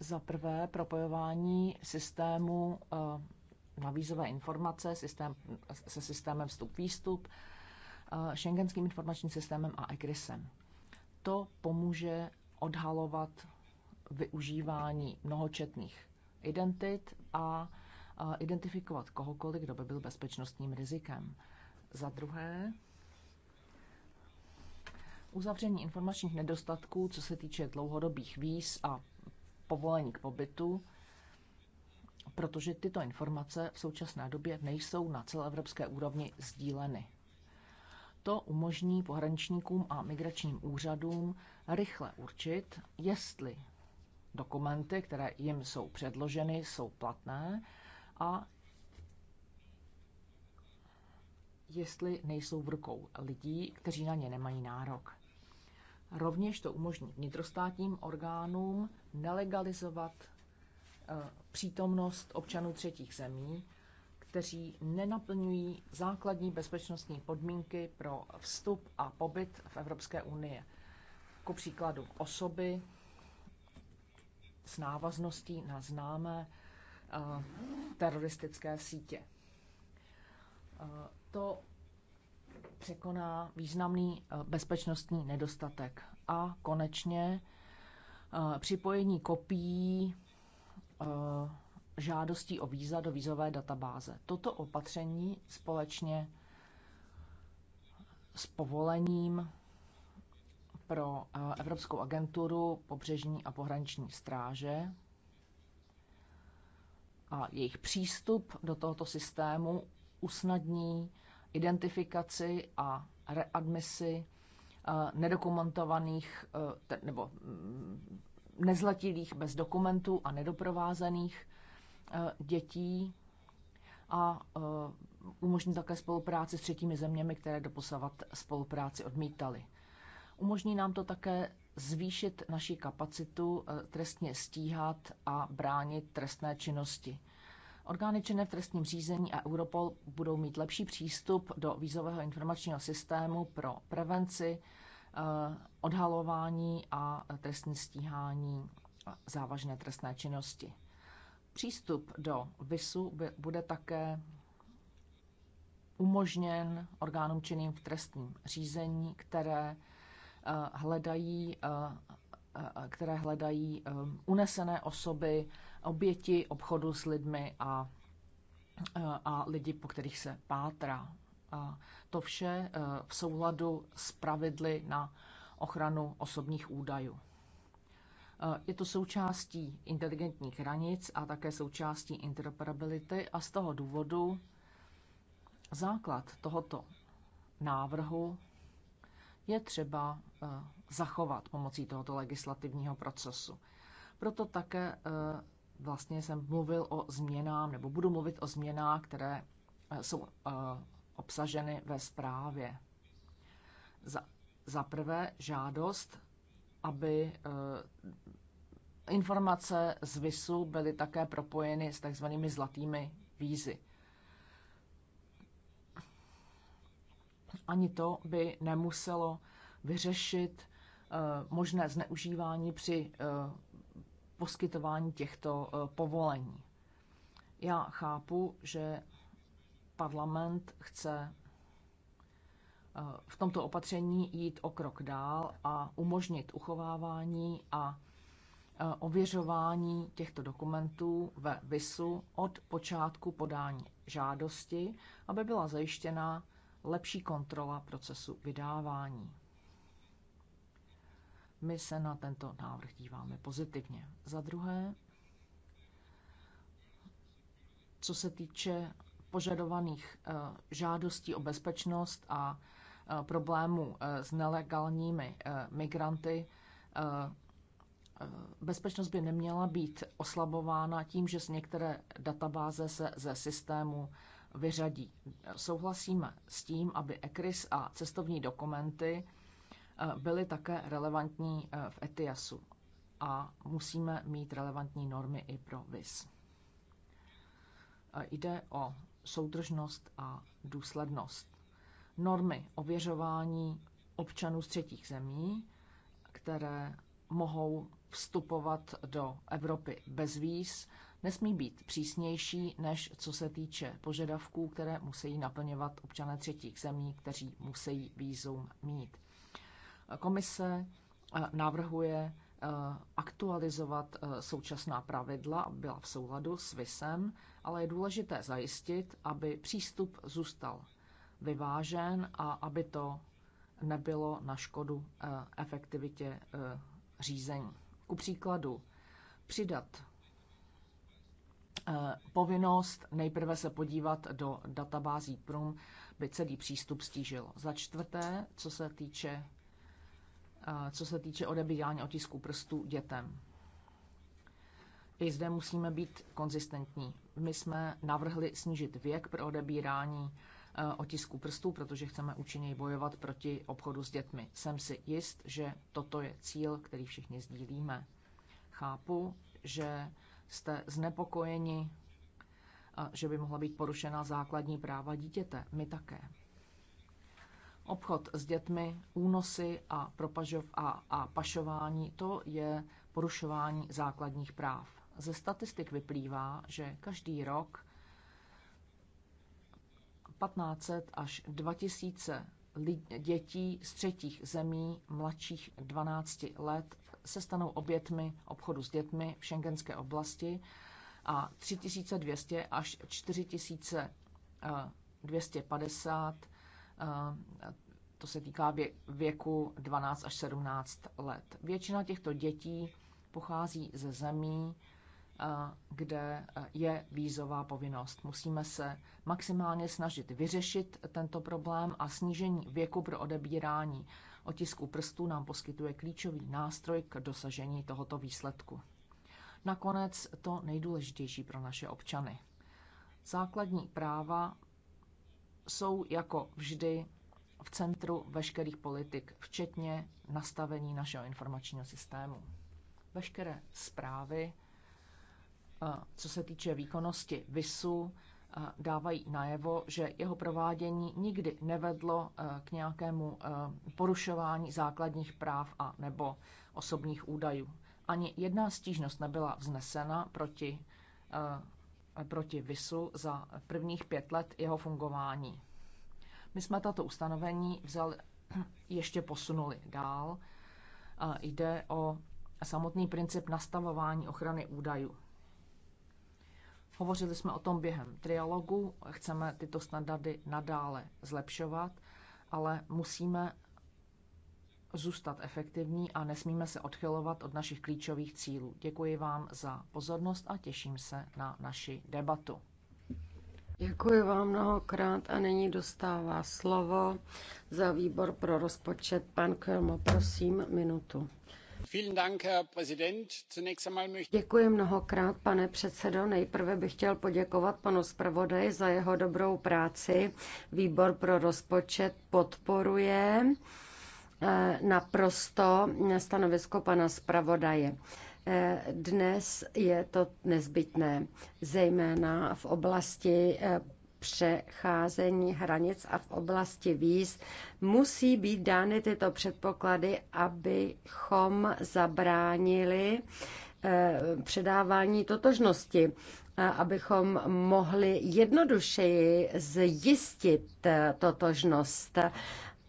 [SPEAKER 4] Za prvé propojování systému eh, na informace systém, se systémem vstup-výstup, Eh, schengenským informačním systémem a ECRISem. To pomůže odhalovat využívání mnohočetných identit a eh, identifikovat kohokoliv, kdo by byl bezpečnostním rizikem. Za druhé, uzavření informačních nedostatků, co se týče dlouhodobých víz a povolení k pobytu, protože tyto informace v současné době nejsou na celoevropské úrovni sdíleny. To umožní pohraničníkům a migračním úřadům rychle určit, jestli dokumenty, které jim jsou předloženy, jsou platné a jestli nejsou v rukou lidí, kteří na ně nemají nárok. Rovněž to umožní vnitrostátním orgánům nelegalizovat eh, přítomnost občanů třetích zemí, kteří nenaplňují základní bezpečnostní podmínky pro vstup a pobyt v Evropské unii. Ku příkladu osoby s návazností na známé uh, teroristické sítě. Uh, to překoná významný eh, bezpečnostní nedostatek. A konečně připojení kopií žádostí o víza do vízové databáze. Toto opatření společně s povolením pro eh, Evropskou agenturu pobřežní a pohraniční stráže a jejich přístup do tohoto systému usnadní identifikaci a readmisi eh, nedokumentovaných eh, nebo mm, nezletilých bez dokumentů a nedoprovázených Eh, dětí a eh, umožní také spolupráci s třetími zeměmi, které doposavat spolupráci odmítaly. Umožní nám to také zvýšit naši kapacitu eh, trestně stíhat a bránit trestné činnosti. Orgány činné v trestním řízení a Europol budou mít lepší přístup do vízového informačního systému pro prevenci, odhalování a trestní stíhání závažné trestné činnosti. Přístup do VISu bude také umožněn orgánům činným v trestním řízení, které eh, hledají, eh, eh, které hledají unesené osoby, oběti obchodu s lidmi a, a lidi, po kterých se pátrá. A to vše v souladu s pravidly na ochranu osobních údajů. Eh, je to součástí inteligentních hranic a také součástí interoperability a z toho důvodu základ tohoto návrhu je třeba eh, zachovat pomocí tohoto legislativního procesu. Proto také eh, vlastně jsem mluvil o změnách, nebo budu mluvit o změnách, které jsou obsaženy ve zprávě. Za, za prvé žádost aby eh, informace z VISu byly také propojeny s takzvanými zlatými vízy. Ani to by nemuselo vyřešit eh, možné zneužívání při eh, poskytování těchto povolení. Já chápu, že parlament chce v tomto opatření jít o krok dál a umožnit uchovávání a e, ověřování těchto dokumentů ve VISu od počátku podání žádosti, aby byla zajištěna lepší kontrola procesu vydávání. My se na tento návrh díváme pozitivně. Za druhé, co se týče požadovaných e, žádostí o bezpečnost a Eh, problému eh, s nelegálními eh, migranty, bezpečnost by neměla být oslabována tím, že z některé databáze se ze systému vyřadí. Souhlasíme s tím, aby ECRIS a cestovní dokumenty byly také relevantní v ETIASu a musíme mít relevantní normy i pro VIS. Jde o soudržnost a důslednost normy ověřování občanů z třetích zemí, které mohou vstupovat do Evropy bez víz, nesmí být přísnější, než co se týče požadavků, které musí naplňovat občané třetích zemí, kteří musí vízum mít. Komise eh, navrhuje eh, aktualizovat eh, současná pravidla, aby byla v souladu s VISem, ale je důležité zajistit, aby přístup zůstal vyvážen a aby to nebylo na škodu eh, efektivitě eh, řízení. Ku příkladu, přidat eh, povinnost nejprve se podívat do databází PRUM by celý přístup stížil. Za čtvrté, co se týče, co se týče odebírání otisků prstů dětem. I zde musíme být konzistentní. My jsme navrhli snížit věk pro odebírání Eh, otisků prstů, protože chceme účinněji bojovat proti obchodu s dětmi. Jsem si jist, že toto je cíl, který všichni sdílíme. Chápu, že jste znepokojeni, že by mohla být porušena základní práva dítěte. My také. Obchod s dětmi, únosy a, propažov a, a pašování, to je porušování základních práv. Ze statistik vyplývá, že každý rok 1500 až 2000 dětí z třetích zemí mladších 12 let se stanou obětmi obchodu s dětmi v šengenské oblasti a 3200 až 4250 eh, eh, to se týká věku 12 až 17 let. Většina těchto dětí pochází ze zemí, kde je vízová povinnost. Musíme se maximálně snažit vyřešit tento problém a snížení věku pro odebírání otisku prstů nám poskytuje klíčový nástroj k dosažení tohoto výsledku. Nakonec to nejdůležitější pro naše občany. Základní práva jsou jako vždy v centru veškerých politik, včetně nastavení našeho informačního systému. Veškeré zprávy co se týče výkonnosti VISu, dávají najevo, že jeho provádění nikdy nevedlo k nějakému porušování základních práv a nebo osobních údajů. Ani jedna stížnost nebyla vznesena proti, proti VISu za prvních pět let jeho fungování. My jsme tato ustanovení vzali, ještě posunuli dál. Jde o samotný princip nastavování ochrany údajů. Hovořili jsme o tom během trialogu, chceme tyto standardy nadále zlepšovat, ale musíme zůstat efektivní a nesmíme se odchylovat od našich klíčových cílů. Děkuji vám za pozornost a těším se na naši debatu.
[SPEAKER 5] Děkuji vám mnohokrát a nyní dostává slovo za výbor pro rozpočet pan Kermo. Prosím, minutu. Děkuji mnohokrát, pane předsedající Nejprve bych chtěl poděkovat panu zpravodaji za jeho dobrou práci. Výbor pro rozpočet podporuje eh, naprosto stanovisko pana zpravodaje. Eh, dnes je to nezbytné, zejména v oblasti eh, přecházení hranic a v oblasti víz musí být dány tyto předpoklady, abychom zabránili eh, předávání totožnosti, eh, abychom mohli jednodušeji zjistit eh, totožnost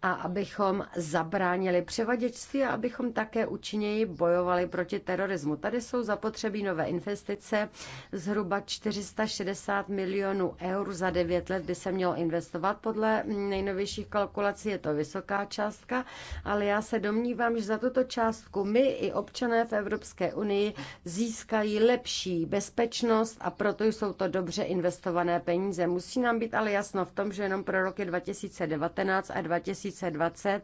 [SPEAKER 5] a abychom zabránili převaděčství a abychom také účinněji bojovali proti terorismu. Tady jsou zapotřebí nové investice. Zhruba 460 milionů eur za 9 let by se mělo investovat. Podle nejnovějších kalkulací je to vysoká částka, ale já se domnívám, že za tuto částku my i občané v Evropské unii získají lepší bezpečnost a proto jsou to dobře investované peníze. Musí nám být ale jasno v tom, že jenom pro roky 2019 a 2020 2020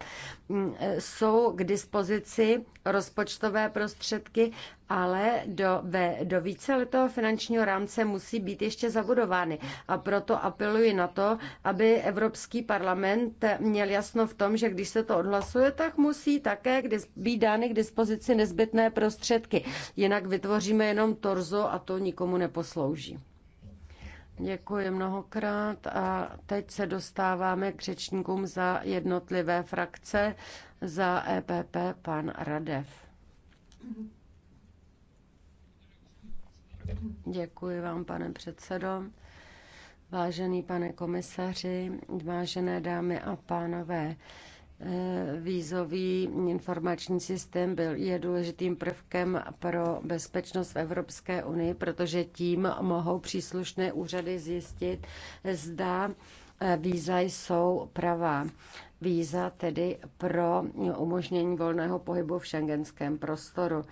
[SPEAKER 5] mm, jsou k dispozici rozpočtové prostředky, ale do, ve, do víceletého finančního rámce musí být ještě zabudovány. A proto apeluji na to, aby Evropský parlament měl jasno v tom, že když se to odhlasuje, tak musí také být dány k dispozici nezbytné prostředky. Jinak vytvoříme jenom torzo a to nikomu neposlouží. Děkuji mnohokrát a teď se dostáváme k řečníkům za jednotlivé frakce. Za EPP pan Radev. Děkuji vám, pane předsedo. Vážený pane komisaři, vážené dámy a pánové, Vízový informační systém byl, je důležitým prvkem pro bezpečnost v Evropské unii, protože tím mohou příslušné úřady zjistit, zda eh, víza jsou pravá víza, tedy pro umožnění volného pohybu v šengenském prostoru.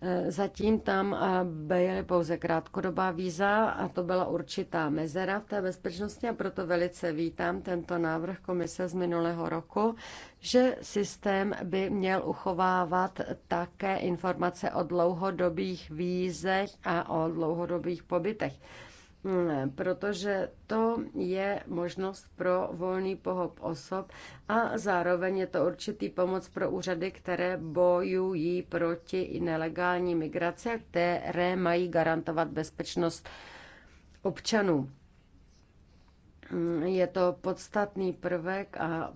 [SPEAKER 5] E, zatím tam e, byly pouze krátkodobá víza a to byla určitá mezera v té bezpečnosti a proto velice vítám tento návrh komise z minulého roku, že systém by měl uchovávat také informace o dlouhodobých vízech a o dlouhodobých pobytech protože to je možnost pro volný pohyb osob a zároveň je to určitý pomoc pro úřady, které bojují proti nelegální migraci které mají garantovat bezpečnost občanů. Je to podstatný prvek a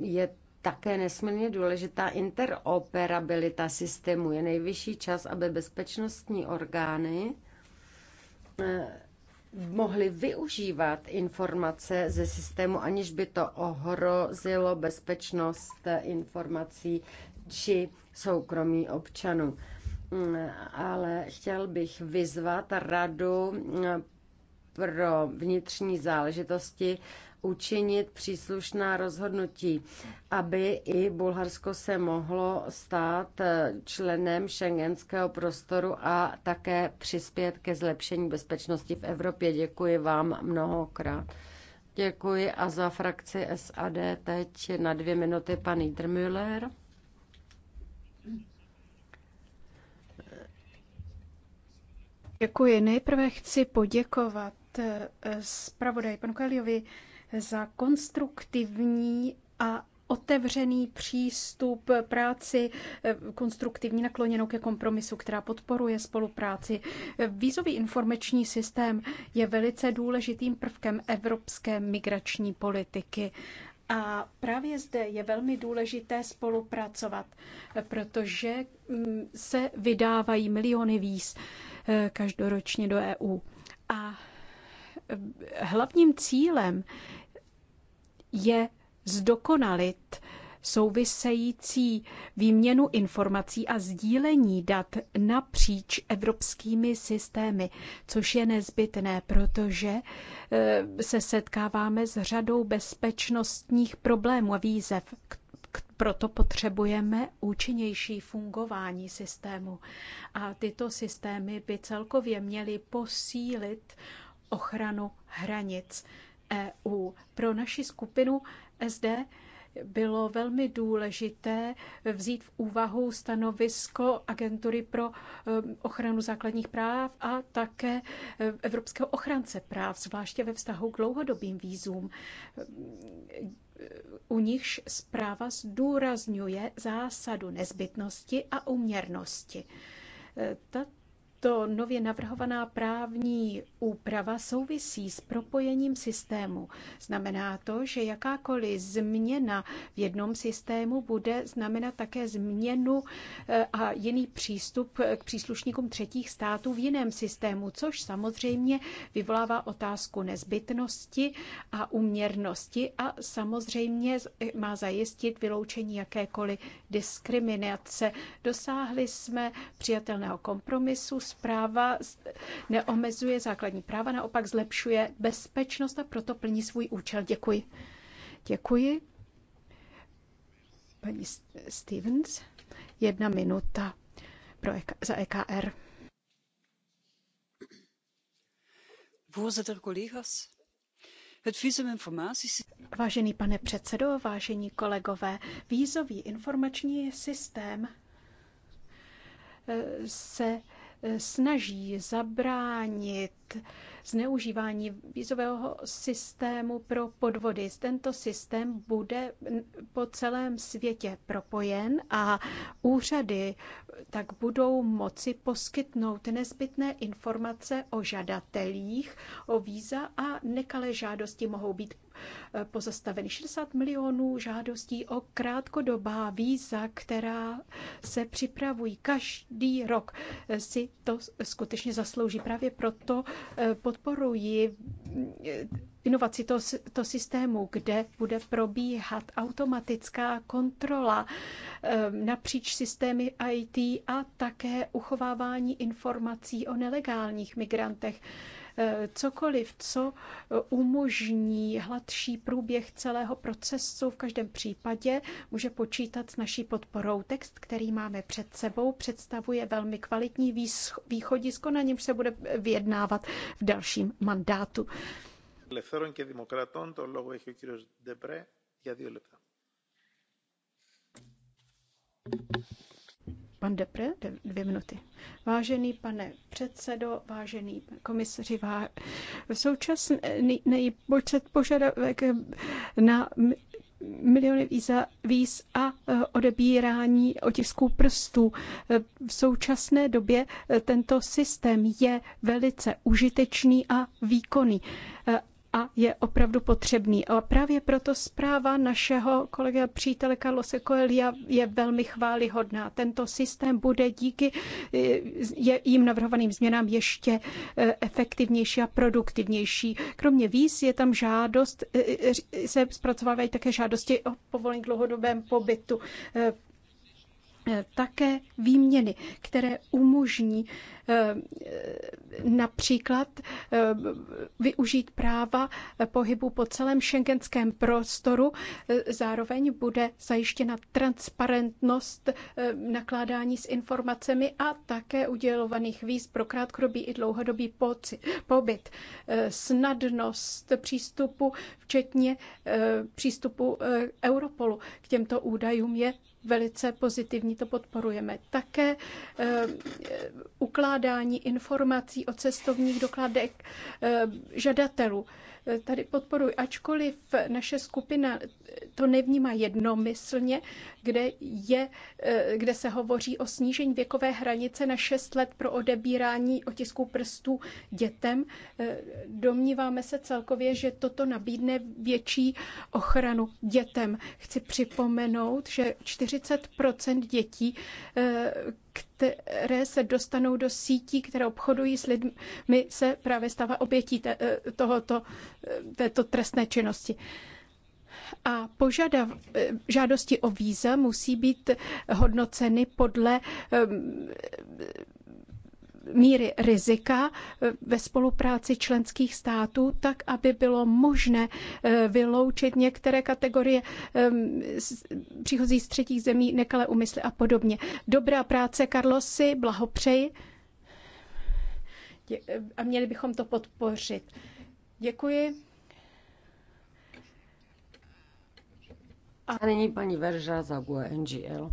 [SPEAKER 5] je také nesmírně důležitá interoperabilita systému. Je nejvyšší čas, aby bezpečnostní orgány mohli využívat informace ze systému, aniž by to ohrozilo bezpečnost informací či soukromí občanů. Mm, ale chtěl bych vyzvat radu pro vnitřní záležitosti učinit příslušná rozhodnutí, aby i Bulharsko se mohlo stát eh, členem šengenského prostoru a také přispět ke zlepšení bezpečnosti v Evropě. Děkuji vám mnohokrát. Děkuji a za frakci SAD teď na dvě minuty pan Niedermüller.
[SPEAKER 6] Děkuji. Nejprve chci poděkovat Eh, zpravodaj panu Kaliovi za konstruktivní a otevřený přístup práci, eh, konstruktivní nakloněnou ke kompromisu, která podporuje spolupráci. Vízový informační systém je velice důležitým prvkem evropské migrační politiky. A právě zde je velmi důležité spolupracovat, protože mm, se vydávají miliony víz eh, každoročně do EU. A hlavním cílem je zdokonalit související výměnu informací a sdílení dat napříč evropskými systémy, což je nezbytné, protože eh, se setkáváme s řadou bezpečnostních problémů a výzev. Proto potřebujeme účinnější fungování systému. A tyto systémy by celkově měly posílit ochranu hranic EU. Pro naši skupinu SD bylo velmi důležité vzít v úvahu stanovisko Agentury pro ehm, ochranu základních práv a také ehm, Evropského ochránce práv, zvláště ve vztahu k dlouhodobým vízům. U nichž zpráva zdůrazňuje zásadu nezbytnosti a uměrnosti. Ehm, tato tato nově navrhovaná právní úprava souvisí s propojením systému. Znamená to, že jakákoliv změna v jednom systému bude znamenat také změnu eh, a jiný přístup k příslušníkům třetích států v jiném systému, což samozřejmě vyvolává otázku nezbytnosti a uměrnosti a samozřejmě eh, má zajistit vyloučení jakékoliv diskriminace. Dosáhli jsme přijatelného kompromisu s zpráva neomezuje základní práva, naopak zlepšuje bezpečnost a proto plní svůj účel. Děkuji. Děkuji. Paní Stevens, jedna minuta pro EK, za EKR. Vážený pane předsedo, vážení kolegové, vízový informační systém eh, se snaží zabránit zneužívání vízového systému pro podvody. Tento systém bude po celém světě propojen a úřady tak budou moci poskytnout nezbytné informace o žadatelích, o víza a nekalé žádosti mohou být eh, pozastaveny 60 milionů žádostí o krátkodobá víza, která se připravují každý rok. Eh, si to skutečně zaslouží. Právě proto podporují inovaci toho, to systému, kde bude probíhat automatická kontrola ehm, napříč systémy IT a také uchovávání informací o nelegálních migrantech ehm, cokoliv, co umožní hladší průběh celého procesu. V každém případě může počítat s naší podporou. Text, který máme před sebou, představuje velmi kvalitní východisko, na něm se bude vyjednávat v dalším mandátu.
[SPEAKER 2] Ελευθέρων και Δημοκρατών. Το λόγο έχει ο κύριος για δύο λεπτά.
[SPEAKER 6] Pan Depre, dvě minuty. Vážený pane předsedo, vážený pane komisaři, vá... současný počet požadavek na miliony víz a eh, odebírání otisků prstů. Eh, v současné době eh, tento systém je velice užitečný a výkonný a je opravdu potřebný. A právě proto zpráva našeho kolegy a přítele Carlose Coelia je velmi chválihodná. Tento systém bude díky jim navrhovaným změnám ještě eh, efektivnější a produktivnější. Kromě víz je tam žádost, eh, eh, se zpracovávají také žádosti o povolení dlouhodobém pobytu. Eh, také výměny, které umožní eh, například eh, využít práva pohybu po celém šengenském prostoru. Zároveň bude zajištěna transparentnost nakládání s informacemi a také udělovaných víz pro krátkodobý i dlouhodobý pobyt. Snadnost přístupu, včetně přístupu Europolu k těmto údajům je velice pozitivní, to podporujeme. Také eh, ukládání informací o cestovních dokladech eh, žadatelů. Eh, tady podporuji, ačkoliv naše skupina to nevnímá jednomyslně, kde, je, eh, kde se hovoří o snížení věkové hranice na 6 let pro odebírání otisků prstů dětem. Eh, domníváme se celkově, že toto nabídne větší ochranu dětem. Chci připomenout, že 40 dětí, eh, které se dostanou do sítí, které obchodují s lidmi, se právě stává obětí tohoto, této trestné činnosti a požadav, žádosti o víza musí být hodnoceny podle ehm, míry rizika e, ve spolupráci členských států, tak aby bylo možné e, vyloučit některé kategorie ehm, příchozí z třetích zemí, nekalé úmysly a podobně. Dobrá práce, Carlosi, blahopřeji. A měli bychom to podpořit.
[SPEAKER 5] Děkuji. A nyní paní Verža za e NGL.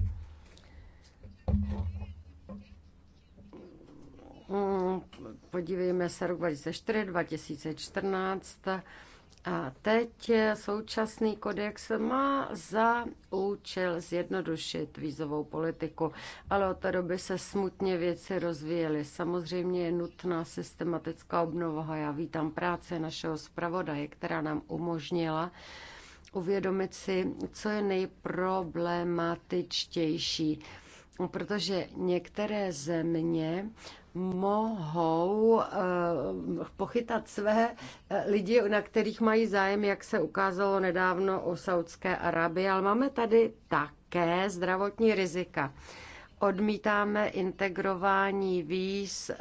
[SPEAKER 5] Hmm, podívejme se rok 2004, 2014. A teď současný kodex má za účel zjednodušit vízovou politiku, ale od té doby se smutně věci rozvíjely. Samozřejmě je nutná systematická obnova. Já vítám práce našeho zpravodaje, která nám umožnila uvědomit si, co je nejproblematičtější, protože některé země mohou eh, pochytat své eh, lidi, na kterých mají zájem, jak se ukázalo nedávno o Saudské Arabii, ale máme tady také zdravotní rizika. Odmítáme integrování víz eh,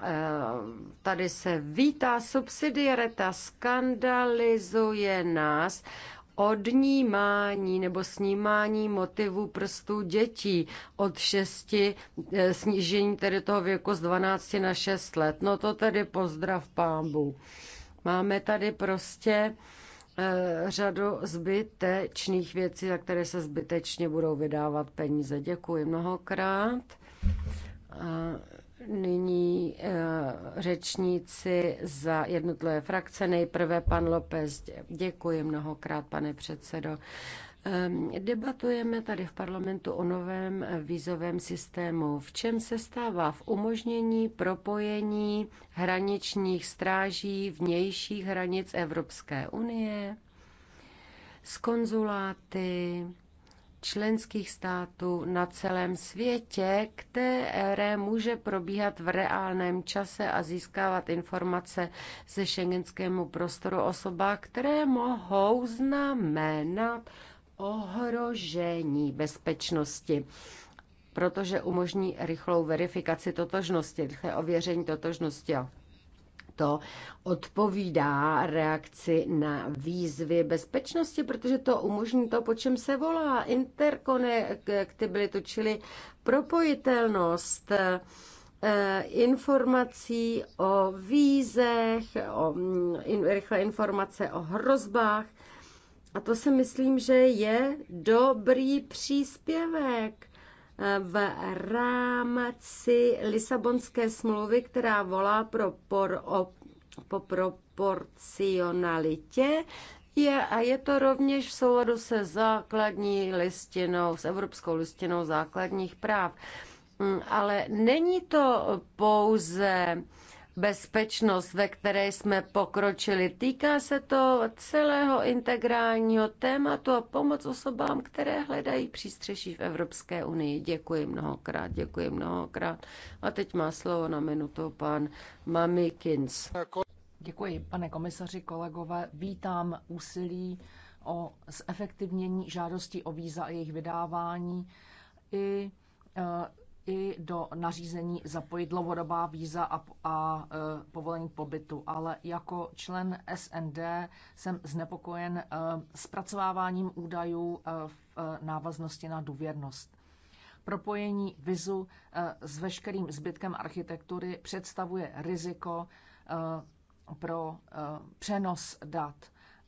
[SPEAKER 5] Eh, tady se vítá subsidiarita, skandalizuje nás odnímání nebo snímání motivů prstů dětí od 6, eh, snížení tedy toho věku z 12 na 6 let. No to tedy pozdrav pámbu. Máme tady prostě eh, řadu zbytečných věcí, za které se zbytečně budou vydávat peníze. Děkuji mnohokrát. Nyní eh, řečníci za jednotlivé frakce. Nejprve pan López. Děkuji mnohokrát, pane předsedo. Ehm, debatujeme tady v parlamentu o novém eh, vízovém systému. V čem se stává? V umožnění propojení hraničních stráží vnějších hranic Evropské
[SPEAKER 3] unie
[SPEAKER 5] s konzuláty, členských států na celém světě, které může probíhat v reálném čase a získávat informace ze šengenskému prostoru osobách, které mohou znamenat ohrožení bezpečnosti protože umožní rychlou verifikaci totožnosti, rychlé ověření totožnosti. Jo to odpovídá reakci na výzvy bezpečnosti, protože to umožní to, po čem se volá interkonektibilitu, čili propojitelnost eh, informací o vízech, o in, rychlé informace o hrozbách. A to si myslím, že je dobrý příspěvek v rámci Lisabonské smlouvy, která volá pro por, o, po proporcionalitě, je, a je to rovněž v souladu se základní listinou, s Evropskou listinou základních práv. Mm, ale není to pouze bezpečnost, ve které jsme pokročili. Týká se to celého integrálního tématu a pomoc osobám, které hledají přístřeší v Evropské unii. Děkuji mnohokrát, děkuji mnohokrát. A teď má slovo na minutu pan Mamikins. Děkuji,
[SPEAKER 4] pane komisaři, kolegové. Vítám úsilí o zefektivnění žádostí o víza a jejich vydávání i eh, i do nařízení zapojit dlouhodobá víza a, a e, povolení pobytu, ale jako člen SND jsem znepokojen e, zpracováváním údajů e, v e, návaznosti na důvěrnost. Propojení vizu e, s veškerým zbytkem architektury představuje riziko e, pro e, přenos dat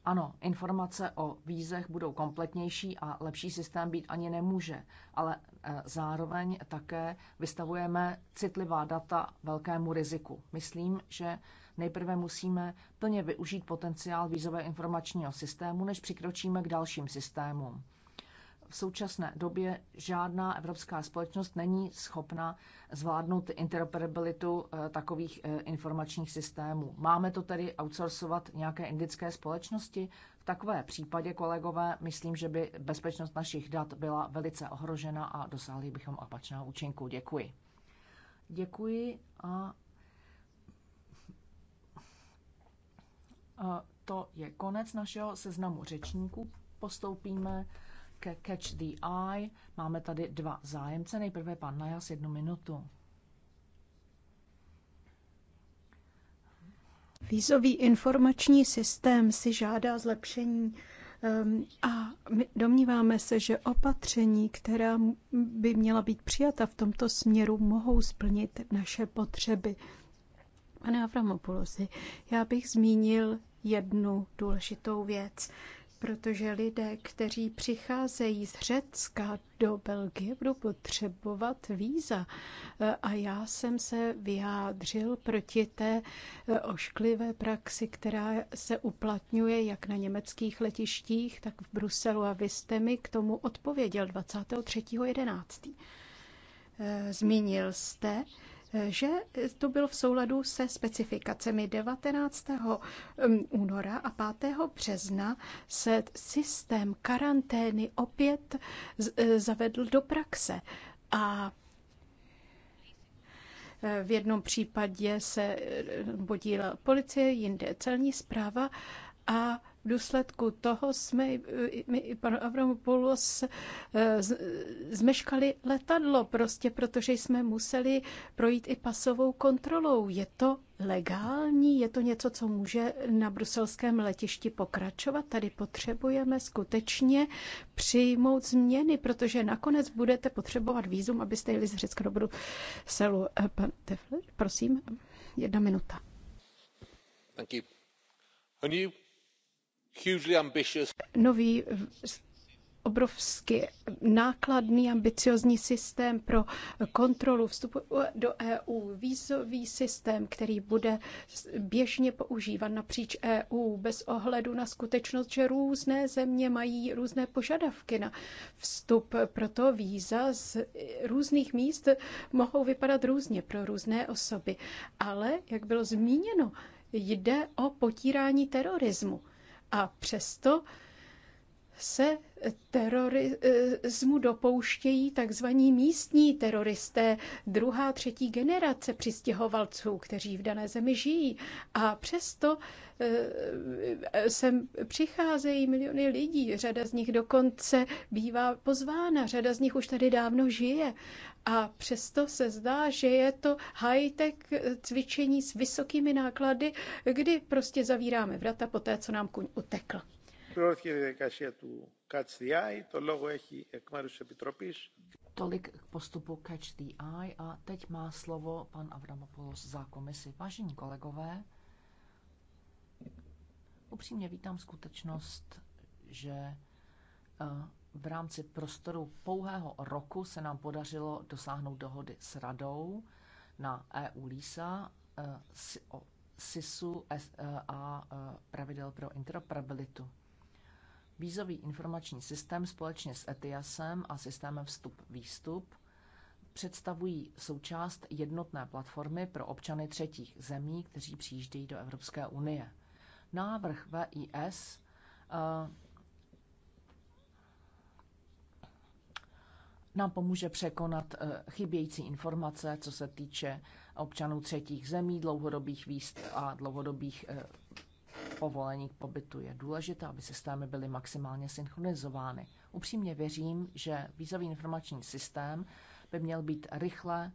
[SPEAKER 4] ano, informace o vízech budou kompletnější a lepší systém být ani nemůže, ale eh, zároveň také vystavujeme citlivá data velkému riziku. Myslím, že nejprve musíme plně využít potenciál vízové informačního systému, než přikročíme k dalším systémům v současné době žádná evropská společnost není schopna zvládnout interoperabilitu eh, takových eh, informačních systémů. Máme to tedy outsourcovat nějaké indické společnosti? V takové případě, kolegové, myslím, že by bezpečnost našich dat byla velice ohrožena a dosáhli bychom opačného účinku. Děkuji. Děkuji a to je konec našeho seznamu řečníků. Postoupíme ke Catch the Eye. Máme tady dva zájemce. Nejprve pan Najas jednu minutu. Vízový
[SPEAKER 6] informační systém si žádá zlepšení um, a my domníváme se, že opatření, která by měla být přijata v tomto směru, mohou splnit naše potřeby. Pane Avramopoulosi, já bych zmínil jednu důležitou věc protože lidé, kteří přicházejí z Řecka do Belgie, budou potřebovat víza. E, a já jsem se vyjádřil proti té e, ošklivé praxi, která se uplatňuje jak na německých letištích, tak v Bruselu. A vy jste mi k tomu odpověděl 23.11. E, zmínil jste, že to byl v souladu se specifikacemi 19. Um, února a 5. března se systém karantény opět e, zavedl do praxe. A e, v jednom případě se podílela e, policie, jinde celní zpráva a v důsledku toho jsme my i pan Avramopoulos eh, zmeškali letadlo, prostě protože jsme museli projít i pasovou kontrolou. Je to legální? Je to něco, co může na bruselském letišti pokračovat? Tady potřebujeme skutečně přijmout změny, protože nakonec budete potřebovat výzum, abyste jeli z Řecka do
[SPEAKER 3] Bruselu.
[SPEAKER 6] Eh, pan Tefler, prosím, jedna minuta.
[SPEAKER 3] Thank you
[SPEAKER 6] nový obrovsky nákladný, ambiciozní systém pro kontrolu vstupu do EU, vízový systém, který bude běžně používan napříč EU bez ohledu na skutečnost, že různé země mají různé požadavky na vstup. Proto víza z různých míst mohou vypadat různě pro různé osoby. Ale, jak bylo zmíněno, jde o potírání terorismu a přesto se terorismu dopouštějí takzvaní místní teroristé, druhá, třetí generace přistěhovalců, kteří v dané zemi žijí. A přesto eh, sem přicházejí miliony lidí, řada z nich dokonce bývá pozvána, řada z nich už tady dávno žije. A přesto se zdá, že je to high-tech cvičení s vysokými náklady, kdy prostě zavíráme vrata po té, co nám kuň utekl.
[SPEAKER 2] Catch the Eye.
[SPEAKER 4] Tolik k postupu Catch the Eye a teď má slovo pan Avramopoulos za komisi. Vážení kolegové, upřímně vítám skutečnost, že eh, v rámci prostoru pouhého roku se nám podařilo dosáhnout dohody s radou na EU LISA eh, o SISu eh, a pravidel pro interoperabilitu. Vízový informační systém společně s ETIASem a systémem vstup-výstup představují součást jednotné platformy pro občany třetích zemí, kteří přijíždějí do Evropské unie. Návrh VIS uh, eh, nám pomůže překonat eh, chybějící informace, co se týče občanů třetích zemí, dlouhodobých výst a dlouhodobých eh, povolení k pobytu. Je důležité, aby systémy byly maximálně synchronizovány. Upřímně věřím, že vízový informační systém by měl být rychle